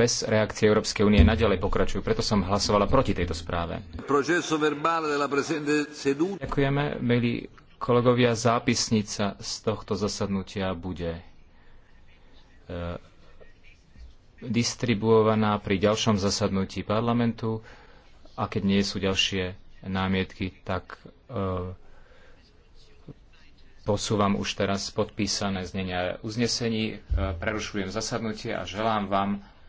bez reakcie Európskej únie naďalej pokračujú. Preto som hlasovala proti tejto správe. Ďakujeme, milí kolegovia. Zápisnica z tohto zasadnutia bude e, distribuovaná pri ďalšom zasadnutí parlamentu a keď nie sú ďalšie námietky, tak e, posúvam už teraz podpísané znenia uznesení, e, prerušujem zasadnutie a želám vám